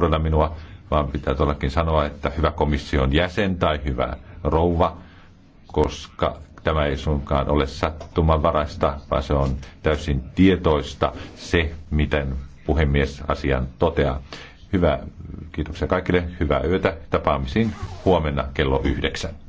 todella minua, vaan pitää todellakin sanoa, että hyvä komission jäsen tai hyvä rouva, koska tämä ei suinkaan ole sattumanvaraista, vaan se on täysin tietoista se, miten puhemies asian toteaa. Hyvä, kiitoksia kaikille, hyvää yötä, tapaamisiin huomenna kello yhdeksän.